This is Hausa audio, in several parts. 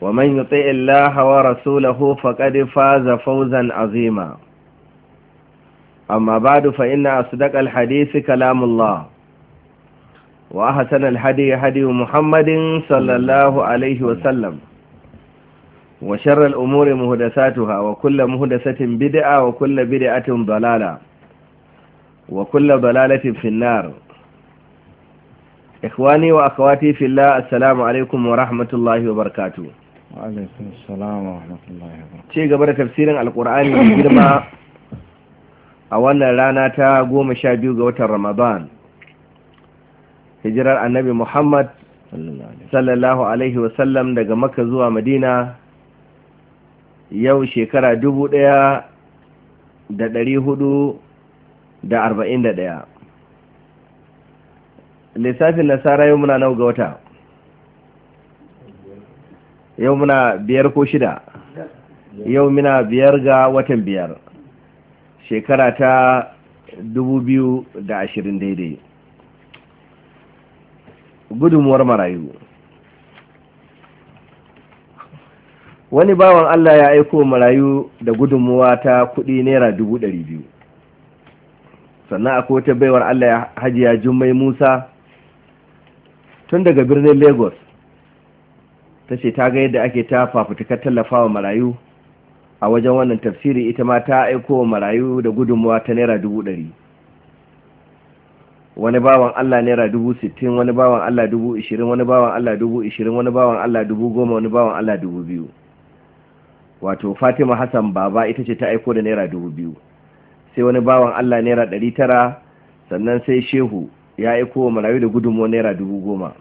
ومن يطع الله ورسوله فقد فاز فوزا عظيما أما بعد فإن أصدق الحديث كلام الله وأحسن الحدي هدي محمد صلى الله عليه وسلم وشر الأمور مهدساتها وكل مهدسة بدعة وكل بدعة ضلالة وكل ضلالة في النار إخواني وأخواتي في الله السلام عليكم ورحمة الله وبركاته ce gaba da tafsirin alkur'ani mai girma a wannan rana ta goma sha biyu ga watan ramadan hijirar annabi muhammad sallallahu alaihi wasallam daga makka zuwa madina yau shekara dubu ɗaya da dari hudu da arba'in da ɗaya. lissafin nasara yau muna nau ga wata yau muna biyar ko shida yau muna biyar ga watan biyar shekara ta da ashirin daidai gudunmuwar marayu wani bawan Allah ya aiko marayu da gudunmuwa ta kudi naira biyu, sannan akwai wata baiwar Allah ya hajiya jummai musa tun daga birnin lagos ta ce ta ga yadda ake ta fafutukar tallafawa marayu a wajen wannan tafsiri ita ma ta aiko wa marayu da gudunmuwa ta naira dubu ɗari wani bawan allah naira dubu sittin wani bawan allah dubu ishirin wani bawan allah dubu ishirin wani bawan allah dubu goma wani bawan allah dubu biyu wato fatima hassan baba ita ce ta aiko da naira dubu biyu sai wani bawan allah naira ɗari tara sannan sai shehu ya aiko wa marayu da gudunmuwa naira dubu goma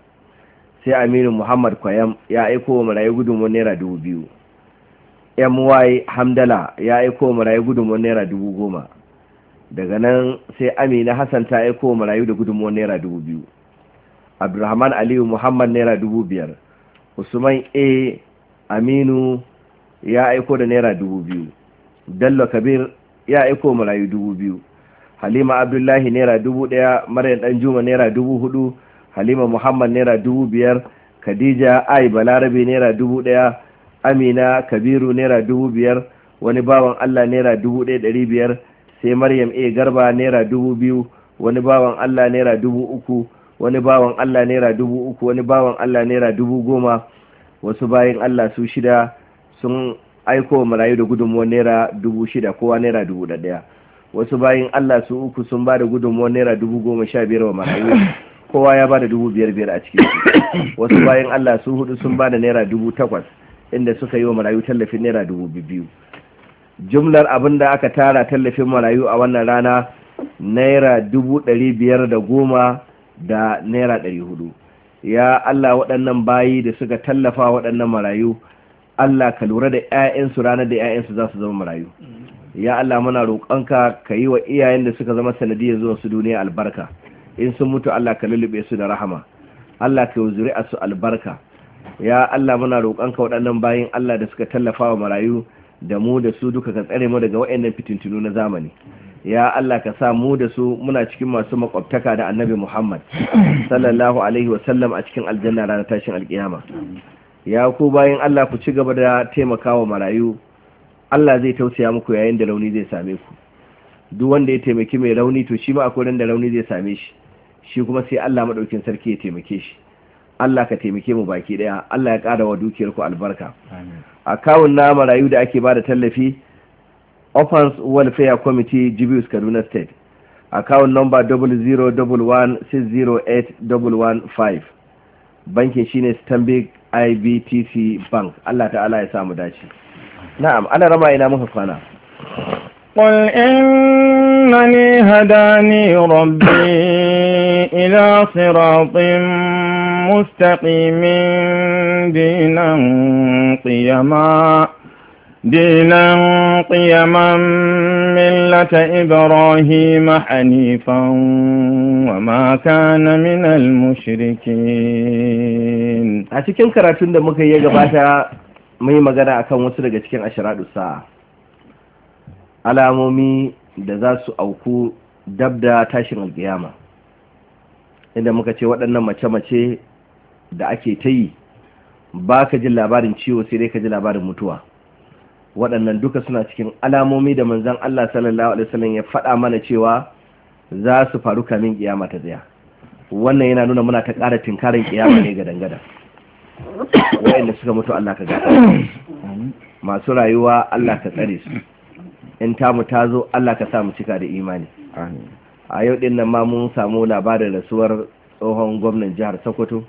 sai aminu muhammad kwayam ya aiko wa marayu gudunmu naira dubu biyu my hamdala ya aiko wa marayu gudunmu naira dubu goma daga nan sai amina hassan ta aiko wa marayu da gudunmu naira dubu biyu abdulrahman aliyu muhammad naira dubu biyar usman a aminu ya aiko da naira dubu biyu dallo kabir ya aiko wa marayu dubu biyu halima abdullahi naira dubu ɗaya, maryam ɗan juma naira dubu hudu halima muhammad naira dubu biyar khadija ai balarabe naira dubu ɗaya amina kabiru naira dubu biyar wani bawan allah naira dubu ɗaya ɗari biyar sai maryam a garba naira dubu biyu wani bawan allah naira dubu uku wani bawan allah naira dubu uku wani bawan allah naira dubu goma wasu bayan allah su shida sun aiko marayu da gudunmuwar naira dubu shida kowa naira dubu da ɗaya wasu bayan allah su uku sun ba da gudunmuwar naira dubu goma sha biyar wa marayu kowa ya ba da dubu biyar biyar a cikin wasu bayan Allah su hudu sun bada naira dubu takwas inda suka yi wa marayu tallafin naira dubu biyu jumlar abin da aka tara tallafin marayu a wannan rana naira dubu ɗari biyar da goma da naira ɗari hudu ya Allah waɗannan bayi da suka tallafa waɗannan marayu Allah ka lura da 'ya'yansu ranar da 'ya'yansu za su zama marayu ya Allah muna roƙonka ka yi wa iyayen da suka zama sanadiyar zuwa su duniya albarka in sun mutu Allah ka lullube su da rahama Allah ka yi su albarka ya Allah muna roƙonka waɗannan bayan Allah da suka tallafa wa marayu da mu da su duka ka tsare mu daga waɗannan fitintunu na zamani ya Allah ka sa mu da su muna cikin masu makwabtaka da annabi Muhammad sallallahu alaihi wa sallam a cikin aljanna ranar tashin alkiyama ya ku bayin Allah ku ci gaba da taimakawa marayu Allah zai tausaya muku yayin da rauni zai same ku duk wanda ya taimaki mai rauni to shi ma akwai da rauni zai same shi shi kuma sai Allah madaukin sarki ya taimake shi Allah ka taimake mu baki ɗaya Allah ya ƙara wa dukiyar ku albarka akawun na marayu da ake bada tallafi Offense Welfare Committee Jibius Kaduna State akawun number 0016081115 bankin shine Stanbic IBTC Bank Allah ta'ala ya samu dace na'am ana rama ina muka kwana قل إنني hadani rabbi إلى صراط مستقيم دينا قيما دينا قيما ملة إبراهيم حنيفا وما كان من المشركين a cikin karatun da muka yi ya gabata mai magana akan wasu daga cikin ashiradu sa'a alamomi da za su auku dab da tashin alkiyama inda muka ce waɗannan mace-mace da ake ta yi ba ka ji labarin ciwo sai dai ka ji labarin mutuwa waɗannan duka suna cikin alamomi da manzan Allah sallallahu alaihi wasallam ya faɗa mana cewa za su faru kamin kiyama ta zaya. wannan yana nuna muna ta ƙara tinkarin kiyama ne gadan gadan wayanda suka mutu Allah ka gada masu rayuwa Allah ka tsare su in tamu ta zo Allah ka sa mu cika da imani a yau din nan ma mun samu labarin rasuwar tsohon gwamnan jihar sokoto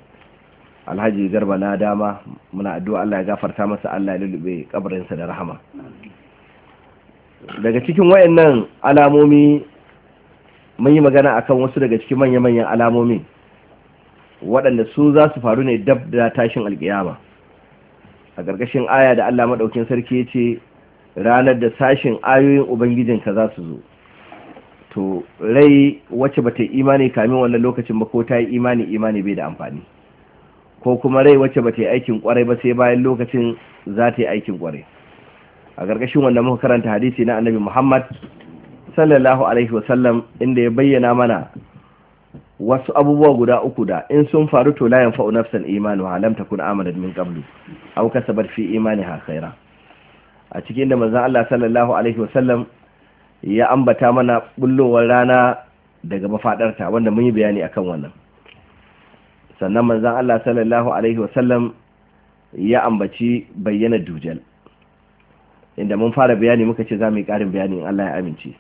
alhaji garba na dama muna addu'a allah ya gafarta masa allah ya lulluɓe kabarinsa da rahama daga cikin wayannan alamomi mun yi magana akan wasu daga cikin manya-manyan alamomi waɗanda su za su faru ne dab da tashin alkiyama a ƙarƙashin aya da allah maɗaukin sarki ya ce ranar da sashin ayoyin ubangijinka za su zo to rai wacce ba ta yi imani kamin wannan lokacin ba ko ta yi imani imani bai da amfani ko kuma rai wacce ba ta yi aikin kwarai ba sai bayan lokacin za ta yi aikin kwarai a ƙarƙashin wanda muka karanta hadisi na annabi muhammad sallallahu alaihi wasallam inda ya bayyana mana wasu abubuwa guda uku da in sun faru to la yanfa'u nafsan imanuha lam takun amanat min qablu aw kasabat fi ha khaira a cikin da manzon Allah sallallahu alaihi wasallam ya ambata mana bullowar rana daga mafaɗarta, wanda mun yi bayani akan wannan sannan manzon Allah sallallahu alaihi wasallam ya ambaci bayyana dujal inda mun fara bayani muka ce za mu yi karin bayani in Allah ya amince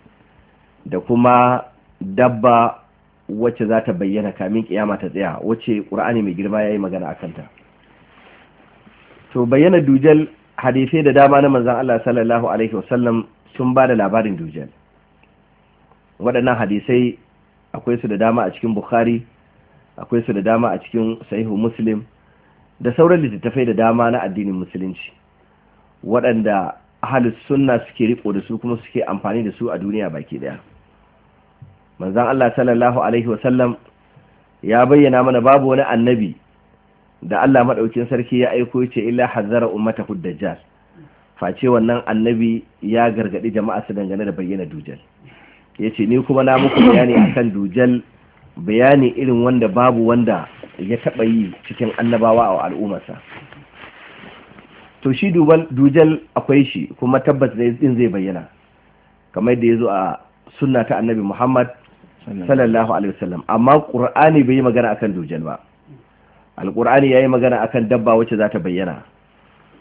da kuma dabba wacce za ta bayyana kamin kiyama ta tsaya wacce ƙur'ani mai girma ya yi magana a kanta to bayyana dujal hadisai da dama na manzan Allah sallallahu alaihi wasallam sun ba da labarin dujjal waɗannan hadisai akwai su da dama a cikin bukhari akwai su da dama a cikin sahihu muslim da sauran littattafai da dama na addinin musulunci waɗanda ahalus sunna suke riko da su kuma suke amfani da su a duniya baki ɗaya. Manzan Allah sallallahu alaihi wasallam ya bayyana mana babu wani annabi da Allah maɗaukin sarki ya aiko ce illa hazzara ummatahu dajjal face wannan annabi ya gargaɗi jama'a su dangane da bayyana dujal ya ce ni kuma na muku bayani akan dujal bayani irin wanda babu wanda ya taɓa yi cikin annabawa a al'ummarsa to shi dujal akwai shi kuma tabbas din zai bayyana kamar yadda ya zo a sunna ta annabi muhammad sallallahu alaihi wasallam amma qur'ani bai yi magana akan dujal ba alqur'ani yayi magana akan dabba wacce za ta bayyana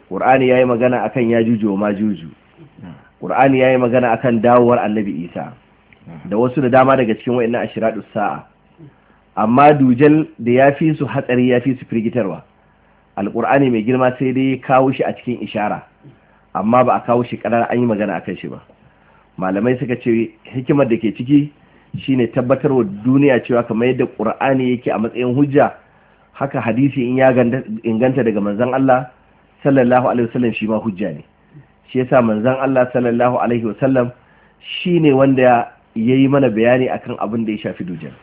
ƙur'ani ya yi magana akan ya juju wa majuju ƙur'ani ya yi magana akan dawowar annabi isa da wasu da dama daga cikin wa'in na ashiradu sa'a amma dujal da ya fi su hatsari ya fi su firgitarwa alƙur'ani mai girma sai dai kawo shi a cikin ishara amma ba a kawo shi ƙarar an yi magana akan shi ba malamai suka ce hikimar da ke ciki shine wa duniya cewa kamar yadda ƙur'ani yake a matsayin hujja haka hadisi in ya inganta daga manzon Allah sallallahu alaihi wasallam shi ma hujja ne shi yasa manzon Allah sallallahu alaihi wasallam shine wanda yayi mana bayani akan abin da ya shafi dujan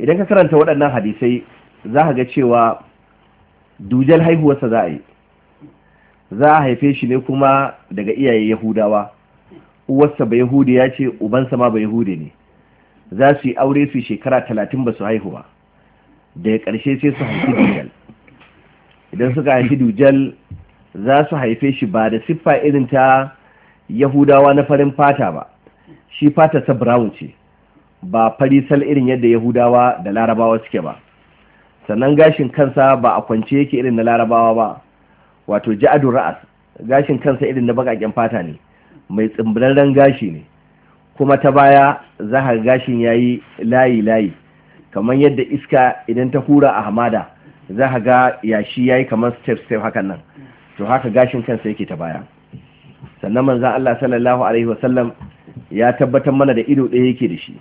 idan ka karanta waɗannan hadisai za ka ga cewa dujal haihuwarsa za a yi za a haife shi ne kuma daga iyaye yahudawa uwarsa ba yahudi ya ce ubansa ma ba yahudi ne za su yi aure su shekara talatin ba su haihuwa daga ƙarshe sai su haifi dujal idan suka haifi dujal za su haife shi ba da siffa irin ta yahudawa na farin fata ba shi fata ta brown ce ba fari sal irin yadda yahudawa da larabawa suke ba sannan gashin kansa ba a kwance yake irin na larabawa ba wato ja'adun ra'as gashin kansa irin na bakaken fata ne mai tsimbiran gashi ne kuma ta baya za gashin yayi layi layi kamar yadda iska idan ta hura a hamada za ka ga yashi yi kamar step step hakan nan to haka gashin kansa yake ta baya sannan manzan Allah sallallahu alaihi wasallam ya tabbatar mana da ido ɗaya yake da shi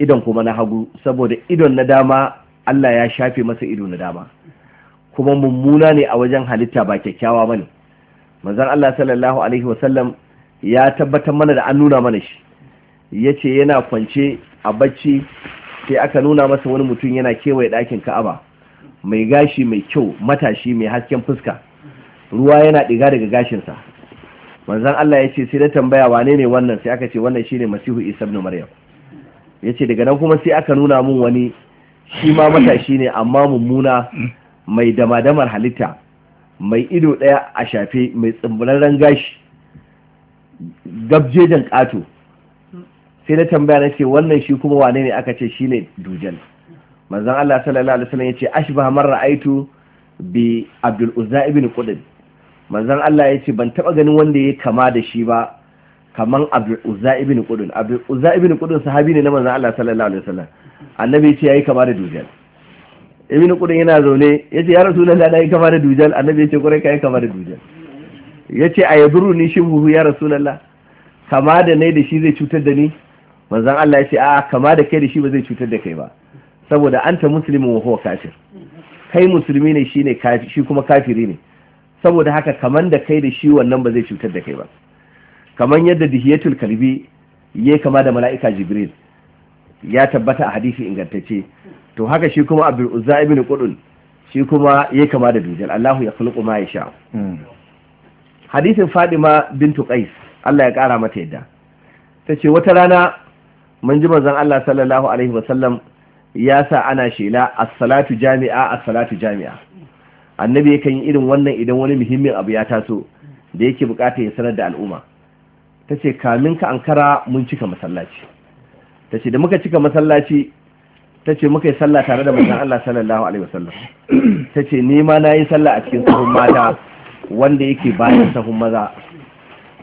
idon kuma na hagu saboda idon na dama Allah ya shafe masa ido na dama kuma mummuna ne a wajen halitta ba kyakkyawa bane Manzan Allah sallallahu alaihi wasallam ya tabbatar mana da an nuna mana shi ya ce yana kwance a bacci sai aka nuna masa wani mutum yana kewaye ɗakin Ka'aba mai gashi mai kyau matashi mai hasken fuska ruwa yana ɗiga daga gashinsa manzan Allah ya ce sai da tambaya wane ne wannan sai aka ce wannan shine masihu isa ibn maryam ya ce daga nan kuma sai aka nuna mun wani shi ma matashi ne amma mummuna mai damadamar halitta mai ido ɗaya a shafe mai tsimbularren gashi gabjejen ƙato sai na tambaya na ce wannan shi kuma wane ne aka ce shine dujal manzan Allah sallallahu alaihi wasallam yace ashba man ra'aitu bi Abdul Uzza ibn Qudud manzan Allah yace ban taba ganin wanda yake kama da shi ba kaman Abdul Uzza ibn Qudud Abdul Uzza ibn Qudud sahabi ne na manzan Allah sallallahu alaihi wasallam annabi yace yayi kama da dujal ibn Qudud yana zaune yace ya rasulullahi dai kama da dujal annabi yace kurai kai kama da dujal yace a ayaduru ni shi buhu ya rasulullahi kama da ne da shi zai cutar da ni manzan Allah yace a kama da kai da shi ba zai cutar da kai ba saboda ta musulmi wa huwa kafir kai musulmi ne shi ne shi kuma kafiri ne saboda haka kaman da kai da shi wannan ba zai cutar da kai ba kaman yadda dihiyatul kalbi ya kama da mala'ika jibril ya tabbata a hadisi ingantacce to haka shi kuma abdul uzza ibn qudun shi kuma ya kama da dujal Allahu ya khulqu ma yasha hmm. hadisin fadima bintu qais Allah ya kara mata yadda tace wata rana mun ji manzon Allah sallallahu alaihi wasallam ya sa ana shela a salatu jami'a a salatu jami'a annabi yakan yi irin wannan idan wani muhimmin abu ya taso da yake bukata ya sanar da al'umma tace kamin ka ankara mun cika masallaci tace da muka cika masallaci tace muka yi sallah tare da manzon Allah sallallahu alaihi wasallam tace ni ma nayi sallah a cikin sahun mata wanda yake bayan sahun maza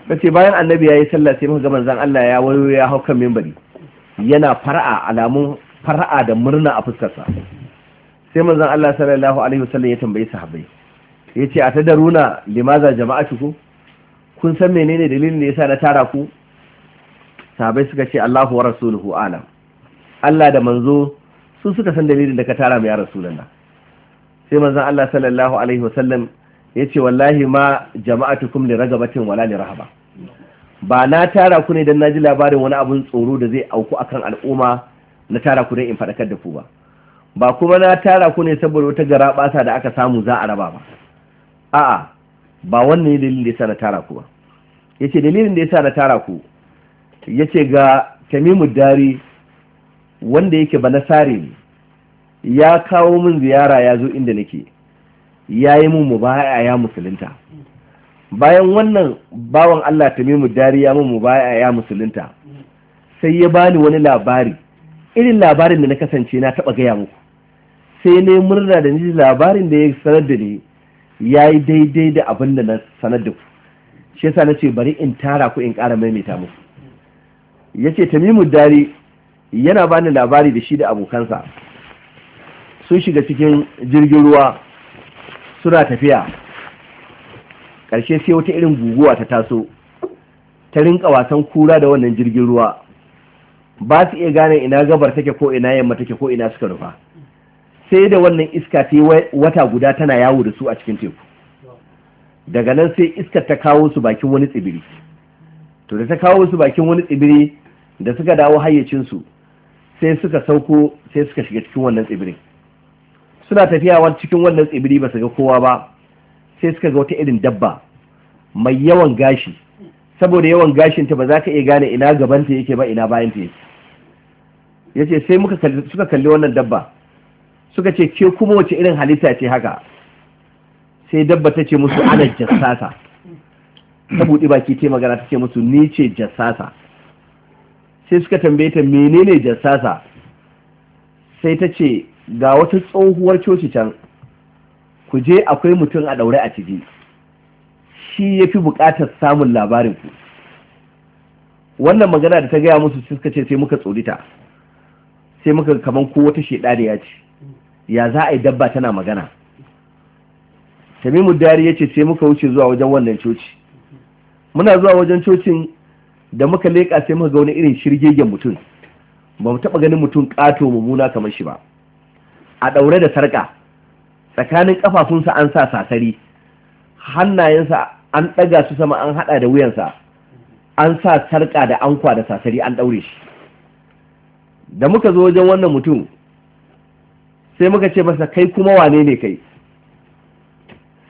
tace bayan annabi yayi sallah sai muka ga manzon Allah ya wayo ya hauka minbari yana fara'a alamun fara'a da murna a fuskarsa sai manzon Allah sallallahu alaihi wasallam ya tambayi sahabbai yace a tadaruna limaza ku kun san menene dalilin da yasa na tara ku sahabbai suka ce Allahu wa rasuluhu alam Allah da manzo su suka san dalilin da ka tara mu ya rasulullah sai manzon Allah sallallahu alaihi wasallam yace wallahi ma jama'atukum li ragabatin wala li rahaba ba na tara ku ne dan naji labarin wani abun tsoro da zai auku akan al'umma na tara ku dai in faɗakar da ku ba ba kuma na tara ku ne saboda wata gara ɓata da aka samu za a raba ba a'a ba wannan ne dalilin da yasa na tara ku ba yace dalilin da yasa na tara ku yace ga Tamimu Dari wanda yake ba na sare ne ya kawo min ziyara ya zo inda nake ya yi mun mubaya ya musulunta bayan wannan bawan Allah Tamimu Dari ya mun mubaya ya musulunta sai ya bani wani labari irin labarin da na kasance na taɓa gaya muku sai ne murna da ni labarin da ya sanar da ni ya yi daidai da abin da na sanar da ku shi yasa na ce bari in tara ku in ƙara maimaita muku ya ce tamimu dari yana ba ni labari da shi da abokansa sun shiga cikin jirgin ruwa suna tafiya ƙarshe sai wata irin guguwa ta taso ta rinka wasan kura da wannan jirgin ruwa ba su iya gane ina gabar take ko ina yamma take ko ina suka rufa sai da wannan iska ta wata guda tana yawo da su a cikin teku daga nan sai iskar ta kawo su bakin wani tsibiri to da ta kawo su bakin wani tsibiri da suka dawo hayyacinsu sai suka sauko sai suka shiga cikin wannan tsibirin suna tafiya cikin wannan tsibiri ba su ga kowa ba sai suka ga wata irin dabba mai yawan gashi saboda yawan gashinta ba za ka iya gane ina gabanta yake ba ina bayanta yake ya ce sai suka kalli wannan dabba suka ce ke kuma wace irin halitta ce haka sai dabba ta ce musu ana jassasa ta buɗi baki ta magana ta ce musu ni ce jassasa sai suka tambaye ta menene jassasa sai ta ce ga wata tsohuwar coci can ku je akwai mutum a ɗaure a ciki shi ya fi buƙatar samun labarinku wannan magana da ta gaya musu suka ce sai muka tsorita sai muka kaman ko wata ya ce ya za a yi dabba tana magana tamimu dari ya ce sai muka wuce zuwa wajen wannan coci muna zuwa wajen cocin da muka leƙa sai muka ga wani irin shirgegen mutum ba mu taɓa ganin mutum ƙato mummuna kamar shi ba a ɗaure da sarƙa tsakanin ƙafafunsa an sa sasari hannayensa an ɗaga su sama an haɗa da wuyansa an sa sarƙa da ankwa da sasari an ɗaure shi da muka zo wajen wannan mutum sai muka ce masa kai kuma wane ne kai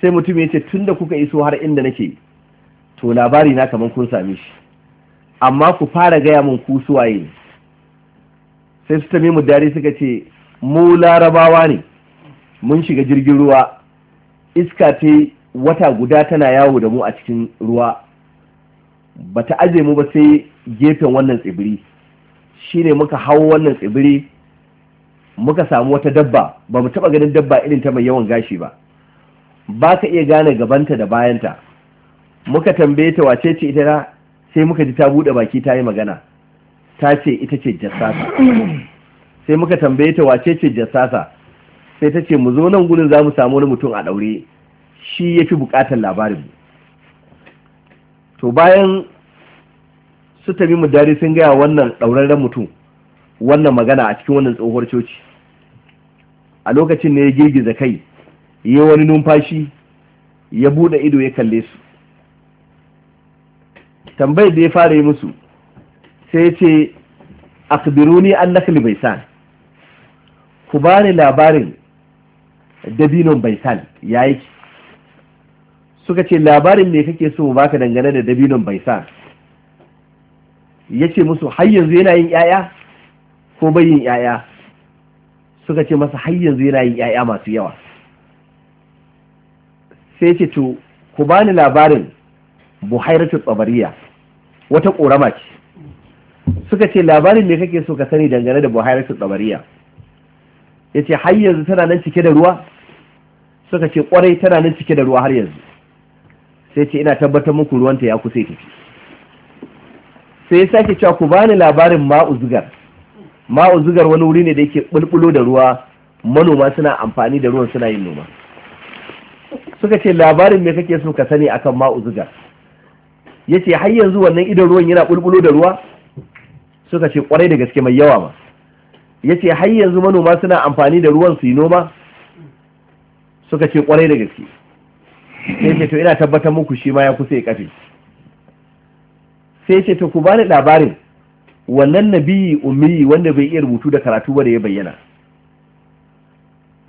sai mutum ya ce tun da kuka iso har inda nake to labari na kamar kun sami shi amma ku fara gaya mun ku suwaye ne sai su tamimu dare suka ce mu larabawa ne mun shiga jirgin ruwa iska ce wata guda tana yawo da mu a cikin ruwa Ba ta aje mu ba sai gefen wannan tsibiri shine muka hau wannan tsibiri muka samu wata dabba ba mu taba ganin dabba irin ta mai yawan gashi ba ba ka iya gane gabanta da bayanta muka tambaye ta wace ce ita sai muka ji ta bude baki ta yi magana ta ce ita ce jassasa sai muka tambaye ta wace ce jassasa sai ta ce mu zo nan gurin za mu samu wani mutum a daure shi ya fi bukatar labarin to bayan su mu dari sun gaya wannan ɗaurarren mutum wannan magana a cikin wannan tsohuwar coci a lokacin ne ya girgiza kai ya wani numfashi ya buɗe ido ya kalle su tambayar da ya fara yi musu sai ya ce akbiruni an bai baisan ku ba ni labarin dabinon baisan ya yi suka ce labarin ne kake so baka dangane da dabinon baisan ya ce musu har yanzu yana yin ƴaƴa ko bai yin ƴaƴa suka ce masa har yanzu yana yin ƴaƴa masu yawa sai ce to ku bani labarin buhairatu tsabariya wata ƙorama ce suka ce labarin me kake so ka sani dangane da buhairatu tsabariya ya ce har yanzu tana nan cike da ruwa suka ce kwarai tana nan cike da ruwa har yanzu sai ce ina tabbatar muku ruwanta ya kusa tafi sai ya sake cewa ku bani labarin ma'uzugar ma'uzugar wani wuri ne da yake bulbulo da ruwa manoma suna amfani da ruwan suna yin noma suka ce labarin me kake so ka sani akan ma'uzugar ya ce har yanzu wannan idan ruwan yana bulbulo da ruwa suka ce kwarai da gaske mai yawa ma ya ce har yanzu manoma suna amfani da ruwan su yi noma suka ce kwarai da gaske sai ce to ina tabbatar muku shi ma ya kusa ya kafe sai ce to ku bani labarin wannan nabiyi ummi wanda bai iya rubutu da karatu ba da ya bayyana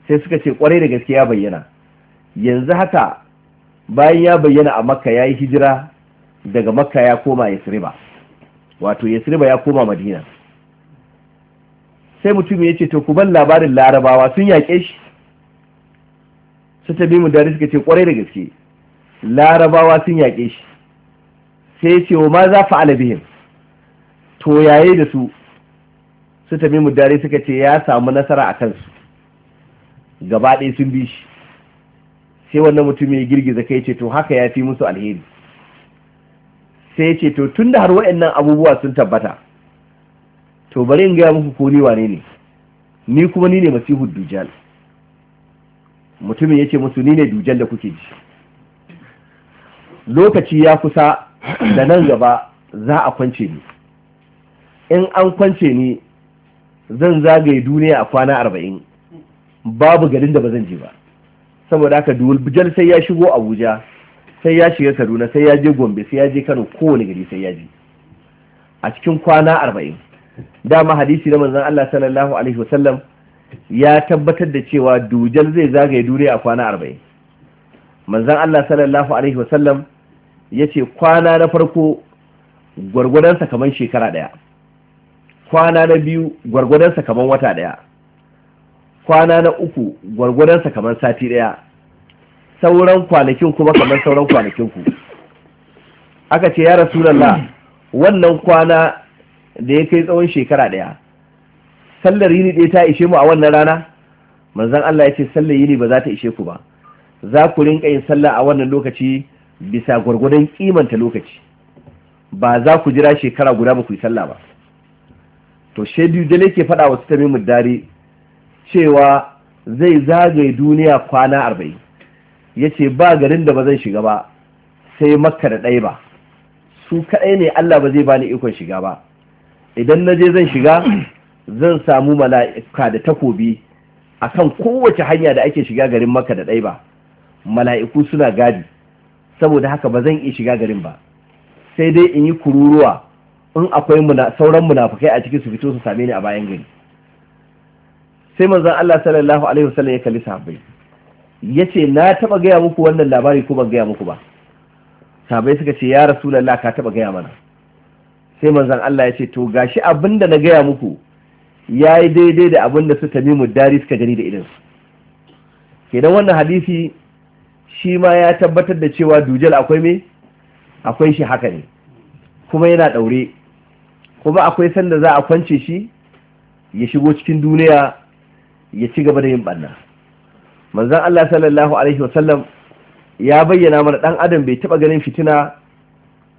sai suka ce kwarai da gaske ya bayyana yanzu haka bayan ya bayyana a makka ya yi hijira daga makka ya koma yasriba wato yasriba ya koma madina sai mutum ya ce to ku ban labarin larabawa sun yaƙe shi su bi mu dare suka ce kwarai da gaske larabawa sun yaƙe shi sai ya ce wa ma za fa'ala bihim to yaye da su su tafi dare suka ce ya samu nasara a kansu gaba ɗaya sun bi shi sai wannan mutum ya girgiza kai ce to haka ya fi musu alheri sai ce to tun da har waɗannan abubuwa sun tabbata to bari in gaya muku ko ni wane ne ni kuma ni ne masihu dujal mutumin ya ce musu ni ne dujal da kuke ji lokaci ya kusa da nan gaba za a kwance ni in an kwance ni zan zagaye duniya a kwana arba'in babu garin da ba zan je ba saboda haka duwulbujar sai ya shigo abuja sai ya shiga kaduna sai ya je gombe sai ya je kano kowane gari sai ya je a cikin kwana arba'in dama hadisi na manzan allah sallallahu alaihi wasallam ya tabbatar da cewa dujal zai zagaye duniya a kwana arba'in manzan allah sallallahu alaihi wasallam ya ce kwana na farko gwargwadonsa kamar shekara ɗaya kwana na biyu gwargwadonsa kamar wata ɗaya kwana na uku gwargwadonsa kamar sati ɗaya sauran kwanakin kuma kamar sauran kwanakin ku aka ce ya rasu rasulallah wannan kwana da ya kai tsawon shekara ɗaya sallar yini ɗaya ta ishe mu a wannan rana manzon Allah ya ce sallar yini ba za ta ishe ku ba za ku rinka yin sallah a wannan lokaci bisa gwargwadon kimanta lokaci ba za ku jira shekara guda ba ku yi sallah ba to shaidu da ke faɗa wa sitami dare cewa zai zagaye duniya kwana arba'in ya ce ba garin da ba zan shiga ba sai makka da ɗaya ba su kaɗai ne allah ba zai bani ikon shiga ba idan na je zan shiga zan samu mala'ika da takobi a kan kowace hanya da ake shiga garin makka da ɗaya ba mala'iku suna gadi saboda haka ba zan iya shiga garin ba sai dai in yi kururuwa in akwai sauran munafukai a cikin su fito su same ni a bayan gari sai manzon Allah sallallahu alaihi wasallam ya kalli sahabbai yace na taba gaya muku wannan labari ko ban gaya muku ba sahabbai suka ce ya rasulullahi ka taba gaya mana sai manzon Allah ya ce to gashi abinda na gaya muku yayi daidai da abinda su tamimu dari suka gani da idan kenan wannan hadisi shi ma ya tabbatar da cewa dujal akwai me akwai shi haka ne kuma yana daure kuma akwai sanda za a kwance shi ya shigo cikin duniya ya ci gaba da yin banna manzon Allah sallallahu alaihi wasallam ya bayyana mana dan adam bai taba ganin fitina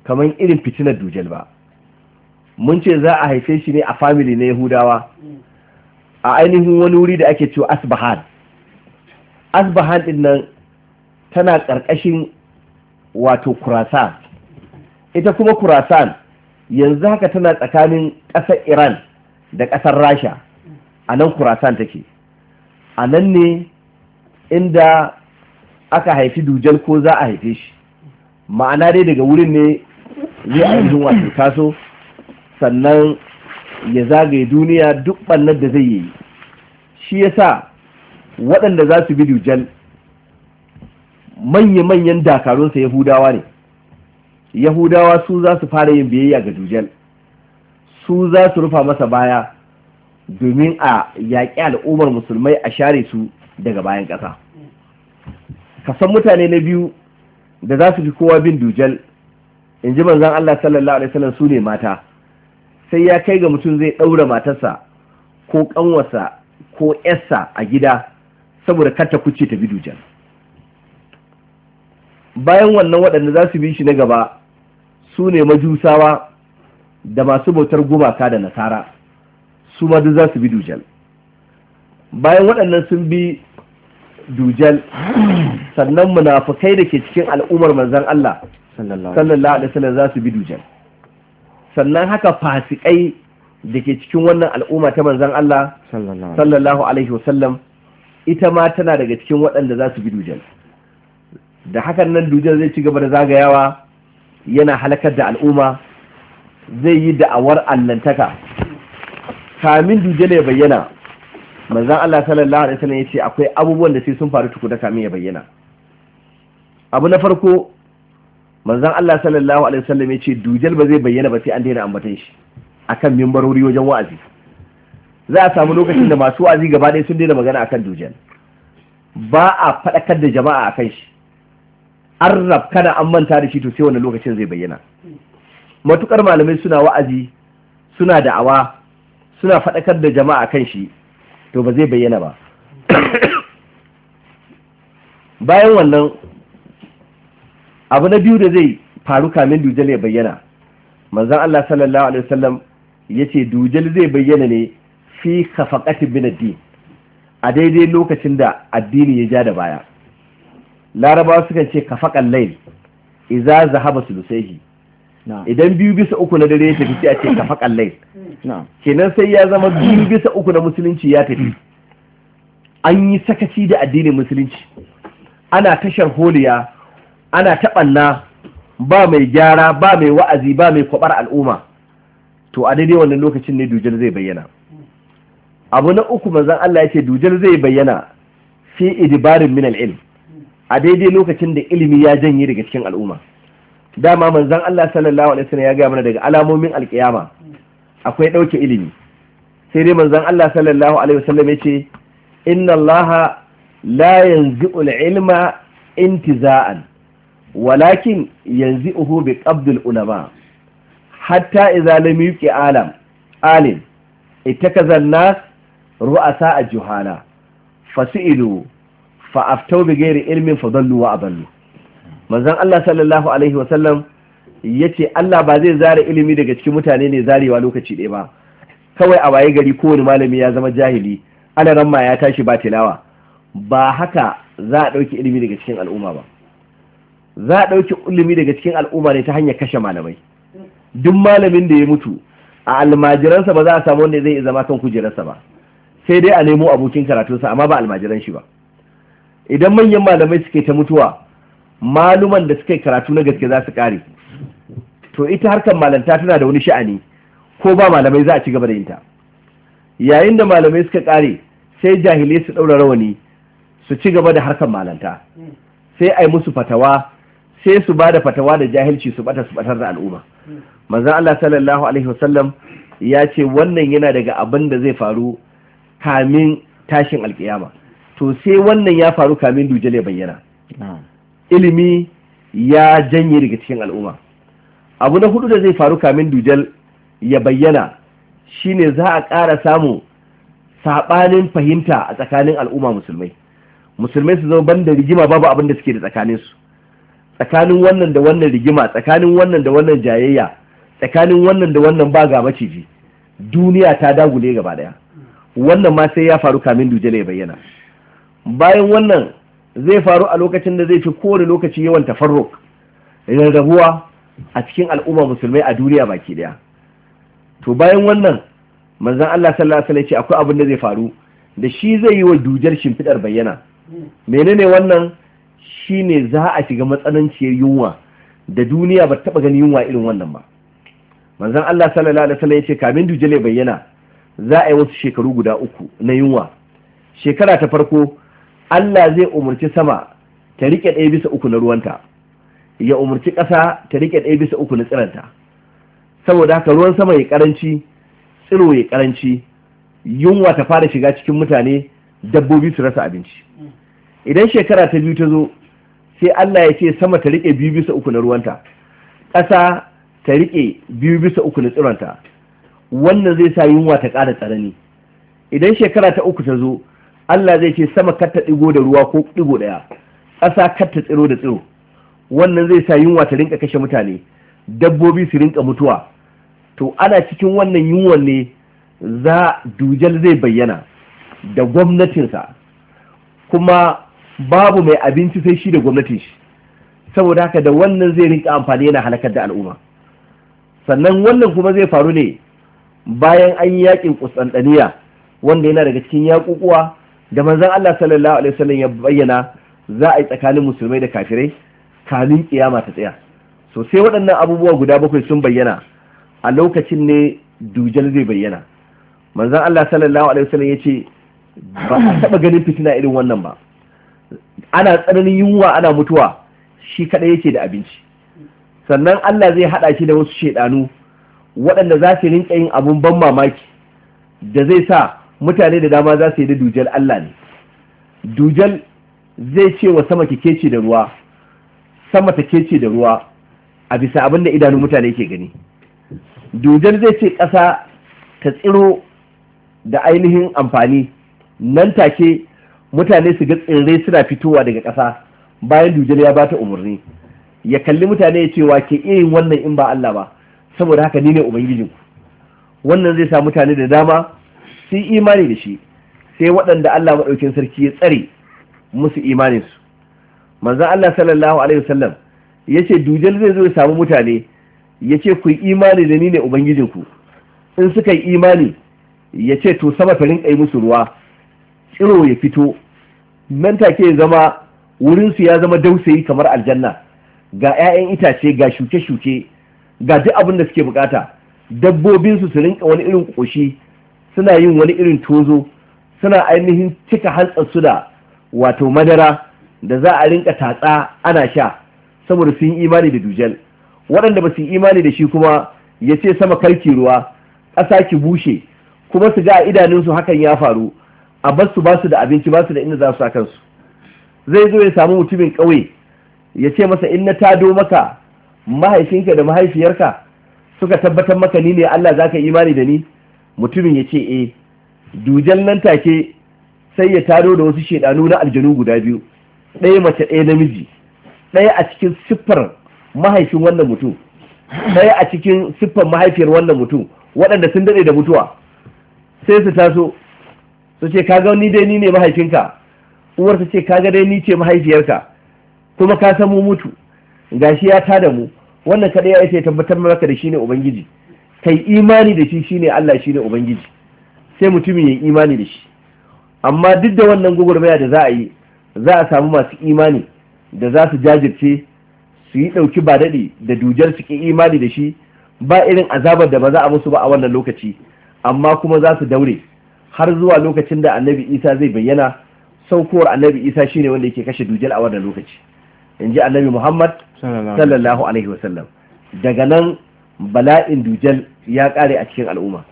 kamar irin fitinar dujal ba mun ce za a haife shi ne a family na yahudawa a ainihin wani wuri da ake cewa asbahan asbahan din nan tana ƙarƙashin wato kurasan ita kuma kurasan yanzu haka tana tsakanin ƙasar iran da ƙasar rasha a nan kurasan take a nan ne inda aka haifi dujal ko za a haife shi ma'ana dai daga wurin ne zai ainihin wato taso sannan ya zagaye duniya duk ɓannar da zai yi shi ya sa waɗanda za su bi dujal manya-manyan dakarunsa yahudawa ne yahudawa su za su fara yin biyayya ga dujal su za su rufa masa baya domin a yaƙi al'ummar musulmai a share su daga bayan ƙasa Ka san mutane na biyu da za su fi kowa bin dujal in ji manzan Allah sallallahu alaihi wasallam su ne mata sai ya kai ga mutum zai ɗaura matarsa ko ƙanwarsa ko 'yarsa a gida saboda kar ta kuce ta bi dujal bayan wannan waɗanda za su bi shi na gaba su ne majusawa da masu bautar gumaka da nasara su ma duk za su bi dujal bayan waɗannan sun bi dujal sannan munafukai da ke cikin al'ummar manzan Allah sallallahu alaihi wasallam za su bi dujal sannan haka fasikai da ke cikin wannan al'umma ta manzan Allah sallallahu alaihi wasallam ita ma tana daga cikin waɗanda za su bi dujal da hakan nan dujal zai ci gaba da zagayawa yana halakar da al'umma zai yi da'awar allantaka kamin dujal ya bayyana manzan Allah sallallahu alaihi wasallam yace akwai abubuwan da sai sun faru tukuna kamin ya bayyana abu na farko manzan Allah sallallahu alaihi wasallam yace dujal ba zai bayyana ba sai an daina ambatan shi akan mimbarori wajen wa'azi za a samu lokacin da masu wa'azi gaba ɗaya sun daina magana akan dujal ba a faɗakar da jama'a akan shi an kana an manta da shi to sai wani lokacin zai bayyana matukar malamai suna wa'azi suna da'awa suna faɗakar da jama'a kan shi to ba zai bayyana ba bayan wannan abu na biyu da zai faru kamin dujal ya bayyana manzan Allah sallallahu alaihi wasallam ya ce dujal zai bayyana ne fi khafaqatin min a daidai lokacin da addini ya ja da baya laraba suka ce kafaƙan lail iza su sulusehi idan biyu bisa uku na dare ya tafi sai a ce kafaƙan lail kenan sai ya zama biyu bisa uku na musulunci ya tafi an yi sakaci da addinin musulunci ana tashar holiya ana taɓanna ba mai gyara ba mai wa'azi ba mai kwabar al'umma to a daidai wannan lokacin ne dujal zai bayyana abu na uku manzan Allah ya ce dujal zai bayyana fi idibarin min al-ilm a daidai lokacin da ilimi ya janye daga cikin al'umma dama manzan Allah sallallahu alaihi wasallam ya gaya mana daga alamomin alkiyama akwai ɗauke ilimi sai dai manzan Allah sallallahu alaihi wasallam yace inna Allah la yanzi'u ilma intiza'an walakin yanzu bi qabdil ulama hatta idza lam yuqi alam alim ittakaza an-nas ru'asa fasu fasilu fa aftau bi gairi ilmin fa dallu wa adallu manzon Allah sallallahu alaihi wasallam yace Allah ba zai zare ilimi daga cikin mutane ne zarewa lokaci ɗaya ba kawai a waye gari kowane malami ya zama jahili ana ramma ya tashi ba tilawa ba haka za a ɗauki ilimi daga cikin al'umma ba za a ɗauki ilimi daga cikin al'umma ne ta hanyar kashe malamai duk malamin da ya mutu a almajiransa ba za a samu wanda zai zama kan kujerarsa ba sai dai a nemo abokin karatunsa amma ba almajiran shi ba idan manyan malamai suke ta mutuwa maluman da suke karatu na gaske za su kare to ita harkar malanta tana da wani sha'ani ko ba malamai za a ci gaba da yinta yayin da malamai suka kare sai jahilai su ɗaura rawani su ci gaba da harkar malanta sai a yi musu fatawa sai su ba da fatawa da jahilci su bata su batar da al'umma manzan Allah sallallahu alaihi wasallam ya ce wannan yana daga abin da zai faru kamin tashin alkiyama to sai wannan ya faru kamin dujal ya bayyana ilimi ya janye daga cikin al'umma abu na hudu da zai faru kamin dujal ya bayyana shine za a ƙara samu saɓanin fahimta a tsakanin al'umma musulmai musulmai su zama banda rigima babu abin da suke da tsakanin su tsakanin wannan da wannan rigima tsakanin wannan da wannan jayayya tsakanin wannan da wannan ba ga maciji duniya ta dagule gaba daya wannan ma sai ya faru kamin dujal ya bayyana bayan wannan zai faru a lokacin da zai fi kowane lokaci yawan tafarruk rarrabuwa a cikin al'umma musulmai a duniya baki daya to bayan wannan manzon Allah sallallahu alaihi wasallam ce akwai abin da zai faru da shi zai yi wa dujar shimfidar bayyana menene wannan shine za a shiga matsananciyar yunwa da duniya ba taba ganin yunwa irin wannan ba manzon Allah sallallahu alaihi wasallam yace kamin dujal ya bayyana za a yi wasu shekaru guda uku na yunwa shekara ta farko Allah zai umarci sama ta riƙe ɗaya bisa uku na ruwanta ya umarci ƙasa ta riƙe ɗaya bisa uku na tsiranta saboda haka ruwan sama ya ƙaranci, tsiro ya ƙaranci, yunwa ta fara shiga cikin mutane dabbobi su rasa abinci idan shekara ta biyu ta zo sai Allah ya ce sama ta riƙe biyu bisa uku na ruwanta ƙasa ta riƙe biyu bisa uku na tsiranta, wannan zai sa yunwa ta ƙara tsanani idan shekara ta uku ta zo Allah zai ce sama kar ɗigo da ruwa ko ɗigo ɗaya ƙasa kar tsiro da tsiro wannan zai sa yunwa ta rinka kashe mutane dabbobi su rinka mutuwa to ana cikin wannan yunwan ne za dujal zai bayyana da gwamnatinsa kuma babu mai abinci sai shi da gwamnatin shi saboda haka da wannan zai rinka amfani yana halakar da al'umma sannan wannan kuma zai faru ne bayan an yi yaƙin wanda yana daga cikin yaƙuƙuwa. da manzan Allah sallallahu alaihi wasallam ya bayyana za a yi tsakanin musulmai da kafirai kafin kiyama ta tsaya so sai waɗannan abubuwa guda bakwai sun bayyana a lokacin ne dujal zai bayyana manzan Allah sallallahu alaihi wasallam yace ba a taba ganin fitina irin wannan ba ana tsananin yunwa ana mutuwa shi kadai yake da abinci sannan Allah zai hada shi da wasu shedanu waɗanda za su rinka yin abun ban mamaki da zai sa mutane da dama za su yi da dujal Allah ne dujal zai ce wa sama ki ce da ruwa sama ta kece da ruwa a bisa abin da idanun mutane ke gani dujal zai ce ƙasa ta tsiro da ainihin amfani nan take mutane su ga tsirrai suna fitowa daga ƙasa bayan dujal ya bata umarni ya kalli mutane ya ce wa ke irin wannan in ba Allah ba saboda haka ni ne ubangijinku wannan zai sa mutane da dama su imani da shi sai waɗanda Allah maɗaukin sarki ya tsare musu imaninsu manzan Allah sallallahu alaihi wasallam ya ce dujal zai zo ya samu mutane ya ce ku imani da ni ne ubangijinku in suka yi imani ya ce to sama ta rinƙa musu ruwa tsiro ya fito nan take ya zama wurinsu ya zama dausayi kamar aljanna ga 'ya'yan itace ga shuke-shuke ga duk abin da suke bukata dabbobinsu su rinka wani irin ƙoshi suna yin wani irin tozo suna ainihin cika su da wato madara da za a rinka tatsa ana sha saboda sun yi imani da dujal waɗanda ba su yi imani da shi kuma ya ce sama karki ruwa ƙasa ki bushe kuma su ga a idanunsu hakan ya faru a bar su ba da abinci ba su da inda za su sa kansu zai zo ya samu mutumin ƙauye ya ce masa in na tado maka mahaifinka da mahaifiyarka suka tabbatar maka ni ne Allah za ka imani da ni mutumin ya ce eh dujan nan take sai ya taro da wasu shedanu na aljanu guda biyu ɗaya mace ɗaya namiji ɗaya a cikin siffar mahaifin wannan mutum ɗaya a cikin siffar mahaifiyar wannan mutum waɗanda sun daɗe da mutuwa sai su taso su ce kaga ni dai ni ne mahaifinka uwar su ce kaga dai ni ce mahaifiyarka kuma ka san mu mutu gashi ya tada mu wannan kaɗai ya ce tabbatar maka da shi ne ubangiji kai imani da shi shine Allah shine ubangiji sai mutumin ya yi imani da shi amma duk da wannan gwagwarmaya da za a yi za a samu masu imani da za su jajirce su yi ɗauki ba daɗi da dujar su imani da shi ba irin azabar da ba za a musu ba a wannan lokaci amma kuma za su daure har zuwa lokacin da annabi isa zai bayyana saukowar annabi isa shine wanda yake kashe dujal a wannan lokaci in ji annabi muhammad sallallahu alaihi wasallam daga nan bala'in dujal ya kare a cikin al'umma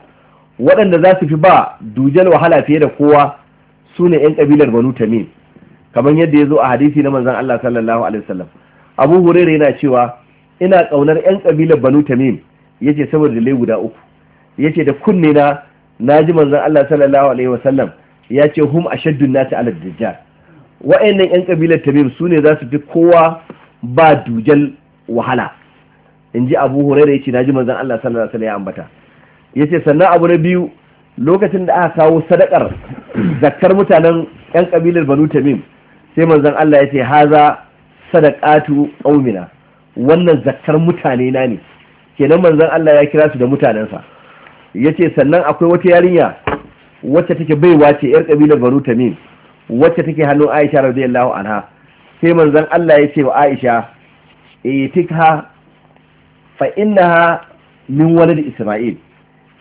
waɗanda za su fi ba dujal wahala fiye da kowa su ne 'yan ƙabilar banu tamim kamar yadda ya zo a hadisi na manzan Allah sallallahu alaihi wasallam abu yana cewa ina ƙaunar 'yan ƙabilar banu tamim ce saboda lai guda uku Ya ce da kunne na na ji manzan Allah sallallahu alaihi wasallam ya ce hum a shaddun nasi ala dajjal wa'annan 'yan ƙabilar tamim su ne za su fi kowa ba dujal wahala in ji abu da ya ce na ji manzan Allah sallallahu alaihi wasallam ya ambata ya ce sannan abu na biyu lokacin da aka kawo sadakar zakkar mutanen yan kabilar banu tamim sai manzan Allah ya ce haza sadaqatu qaumina wannan zakkar mutane na ne kenan manzan Allah ya kira su da mutanensa ya ce sannan akwai wata yarinya wacce take baiwa ce yar kabilar banu tamim wacce take hannun aisha radiyallahu anha sai manzan Allah ya ce wa aisha itikha fa innaha min walad isma'il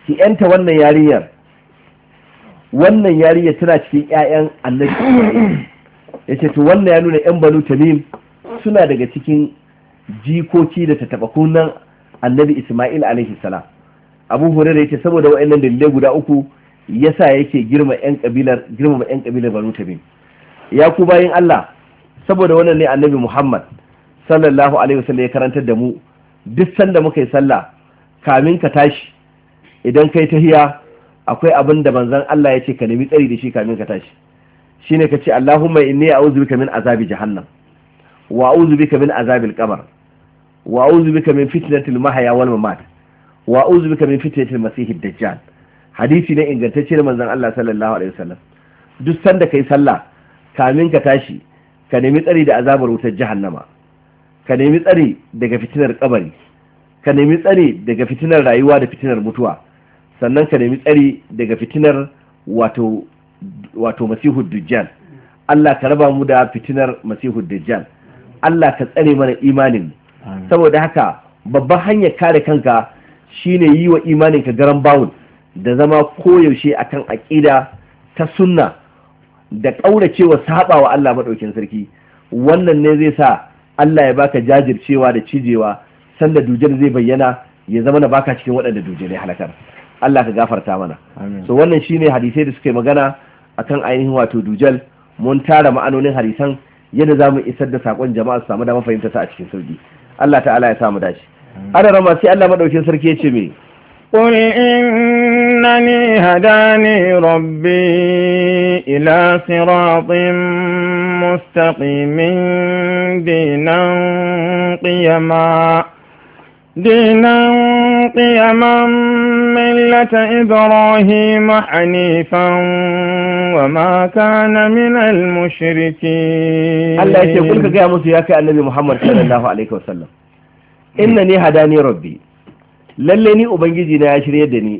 ki yanta wannan yarinyar wannan yarinyar tana cikin ƴaƴan annabi isma'il yace to wannan ya nuna ƴan banu tamim suna daga cikin jikoki da ta tattabakunan annabi isma'il alaihi salam abu hurairah yace saboda wa'annan dalilai guda uku yasa yake girma ƴan kabilar girma ƴan kabilar banu tamim ya ku bayin Allah saboda wannan ne annabi Muhammad sallallahu alaihi wasallam ya karantar da mu duk sanda muka yi sallah kamin ka tashi idan kai ta hiya akwai abin da manzan Allah ya ce ka nemi tsari da shi kamin ka tashi shine ka ce Allahumma inni a'udhu bika min azabi jahannam wa a'udhu bika min azabil qabr wa a'udhu bika min fitnatil mahya wal mamat wa a'udhu bika min fitnatil masiihid dajjal hadisi ne ingantacce na manzan Allah sallallahu alaihi wasallam duk sanda kai sallah kamin ka tashi ka nemi tsari da azabar wutar jahannama ka nemi tsare daga fitinar kabari ka nemi tsare daga fitinar rayuwa da fitinar mutuwa sannan ka nemi tsare daga fitinar wato wato masihu dujjan Allah ka raba mu da fitinar masihu dujjan Allah ka tsare mana imanin saboda haka babban hanyar kare kanka shine yi wa imanin ka garan bawul da zama koyaushe akan aƙida ta sunna da ƙauracewa saba Allah maɗaukin sarki wannan ne zai sa Allah ya baka jajircewa da cijewa sanda dujal zai bayyana ya zama na baka cikin waɗanda dujal ya halakar Allah ka gafarta mana so wannan shine hadisai da suka yi magana akan ainihin wato dujal mun tara ma'anonin hadisan yadda za mu isar da saƙon jama'a su samu damar fahimta ta a cikin sauƙi. Allah ta'ala ya samu dace ana rama sai Allah madaukin sarki ya ce me قل إنني هداني ربي إلى صراط مستقيم دينا قيما دينا قيما ملة إبراهيم حنيفا وما كان من المشركين الله يقول لك يا موسى يا النبي محمد صلى الله عليه وسلم إنني هداني ربي للني أبنجي يا شريد دني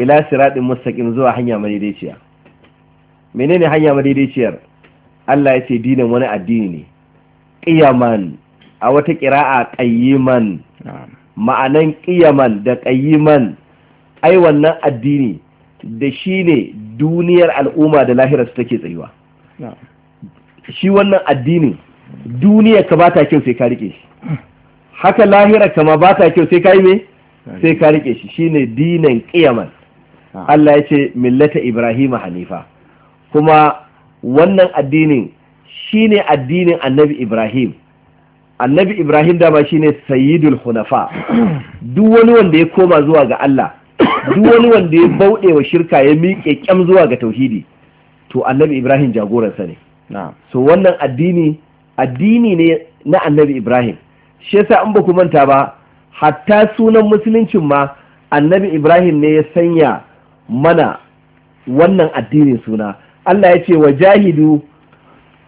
إلى صراط مستقيم زوا حنيا مريديشيا منين حنيا مريديشيا Allah ya ce dinin wani addini ne ƙiyaman a wata ƙira'a ƙayyiman ma'anan ƙiyaman da ƙayyiman ai wannan addini da shi ne duniyar al'umma da lahirar su take tsayuwa shi wannan addini duniya ka ba ta kyau sai ka rike shi haka lahirar ka ma ba ta kyau sai ka yi sai ka rike shi ne dinin ƙiyaman Allah ya ce millata Ibrahim hanifa kuma wannan addinin shine addinin annabi ibrahim annabi ibrahim dama shine sayyidul hunafa duk wani wanda ya koma zuwa ga allah duk wani wanda ya bauɗe wa shirka ya miƙe ƙyam zuwa ga tauhidi to annabi ibrahim jagoransa ne so wannan addini addini ne na annabi ibrahim shi yasa in ba ku manta ba hatta sunan musuluncin ma annabi ibrahim ne ya sanya mana wannan addinin suna Allah ya ce